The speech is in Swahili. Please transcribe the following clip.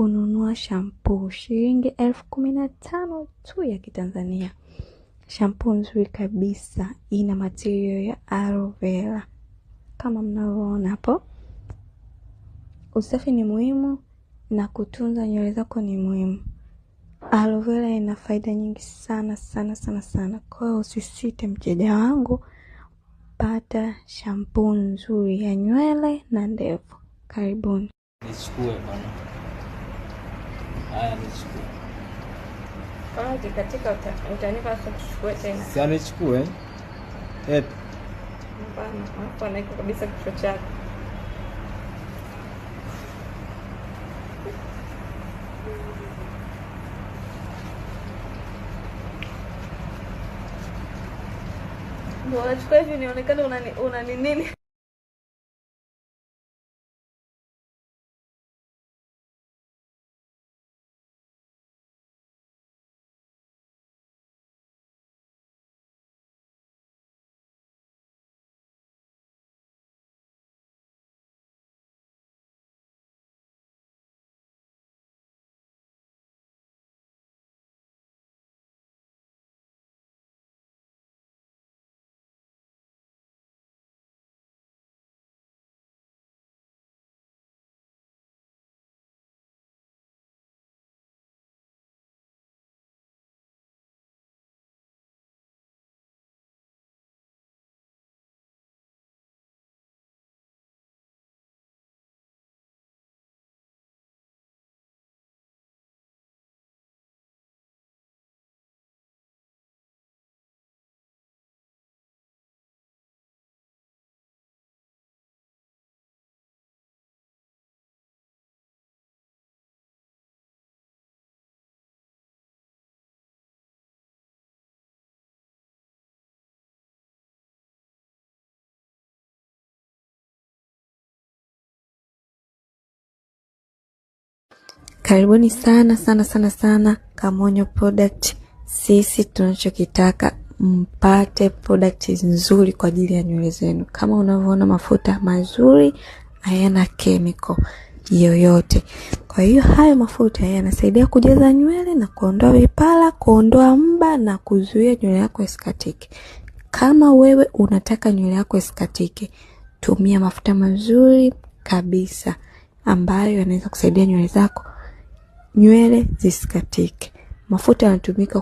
kununua shampoo shilingi elfu kumi na tano tu ya Kitanzania. Shampoo nzuri kabisa, ina matirio ya arovela kama mnavyoona hapo. Usafi ni muhimu na kutunza nywele zako ni muhimu. arovela ina faida nyingi sana sana sana sana. kwayo usisite, mjeja wangu, pata shampoo nzuri ya nywele na ndevu. Karibuni. Nichukue bana haya nichukue. Kama utakatika utanipa kuchukua tena. Eh. kabisa kichwa chako. unachukua hivi nionekane una nini? Karibuni sana sana sana sana Kamonyo Product. Sisi tunachokitaka mpate product nzuri kwa ajili ya nywele zenu. Kama unavyoona mafuta mazuri hayana chemical yoyote. Kwa hiyo hayo mafuta yanasaidia kujaza nywele na kuondoa vipala, kuondoa mba na kuzuia nywele yako isikatike. Kama wewe unataka nywele yako isikatike, tumia mafuta mazuri kabisa ambayo yanaweza kusaidia nywele zako nywele zisikatike mafuta yanatumika